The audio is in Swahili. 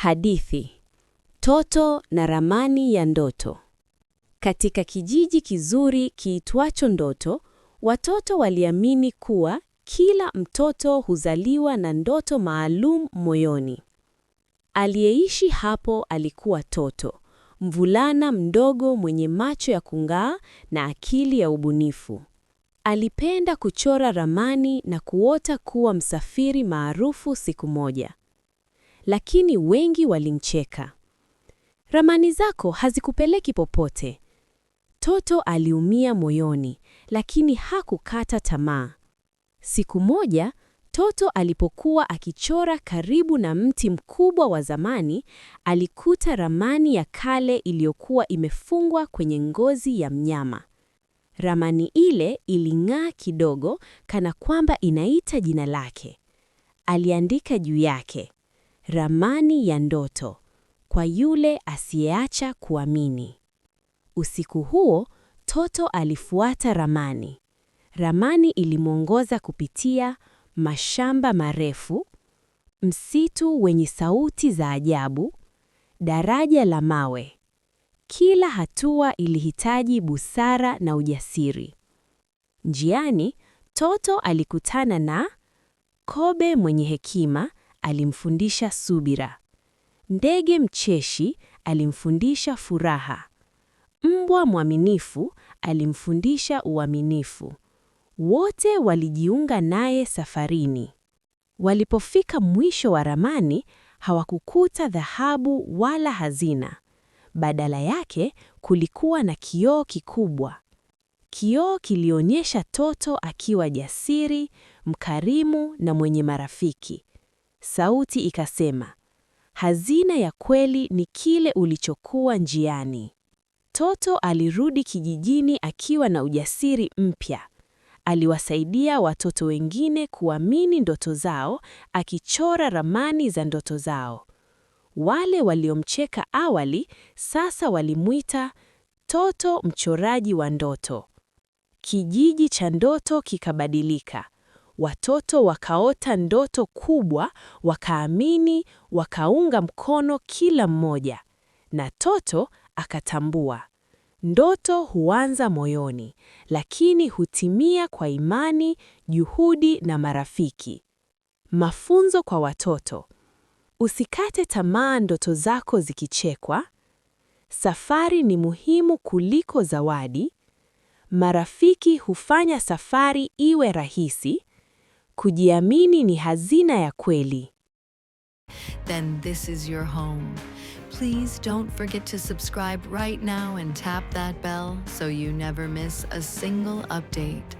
Hadithi: Toto na ramani ya ndoto. Katika kijiji kizuri kiitwacho Ndoto, watoto waliamini kuwa kila mtoto huzaliwa na ndoto maalum moyoni. Aliyeishi hapo alikuwa Toto, mvulana mdogo mwenye macho ya kung'aa na akili ya ubunifu. Alipenda kuchora ramani na kuota kuwa msafiri maarufu siku moja lakini wengi walimcheka. Ramani zako hazikupeleki popote. Toto aliumia moyoni, lakini hakukata tamaa. Siku moja, Toto alipokuwa akichora karibu na mti mkubwa wa zamani, alikuta ramani ya kale iliyokuwa imefungwa kwenye ngozi ya mnyama. Ramani ile iling'aa kidogo kana kwamba inaita jina lake. Aliandika juu yake. Ramani ya ndoto kwa yule asiyeacha kuamini. Usiku huo Toto alifuata ramani. Ramani ilimwongoza kupitia mashamba marefu, msitu wenye sauti za ajabu, daraja la mawe. Kila hatua ilihitaji busara na ujasiri. Njiani, Toto alikutana na kobe mwenye hekima alimfundisha subira. Ndege mcheshi alimfundisha furaha. Mbwa mwaminifu alimfundisha uaminifu. Wote walijiunga naye safarini. Walipofika mwisho wa ramani, hawakukuta dhahabu wala hazina. Badala yake kulikuwa na kioo kikubwa. Kioo kilionyesha Toto akiwa jasiri, mkarimu na mwenye marafiki sauti ikasema, hazina ya kweli ni kile ulichokuwa njiani. Toto alirudi kijijini akiwa na ujasiri mpya. Aliwasaidia watoto wengine kuamini ndoto zao, akichora ramani za ndoto zao. Wale waliomcheka awali sasa walimwita Toto mchoraji wa ndoto. Kijiji cha ndoto kikabadilika watoto wakaota ndoto kubwa, wakaamini, wakaunga mkono kila mmoja, na Toto akatambua ndoto huanza moyoni, lakini hutimia kwa imani, juhudi na marafiki. Mafunzo kwa watoto: usikate tamaa ndoto zako zikichekwa. Safari ni muhimu kuliko zawadi. Marafiki hufanya safari iwe rahisi. Kujiamini ni hazina ya kweli. Then this is your home. Please don't forget to subscribe right now and tap that bell so you never miss a single update.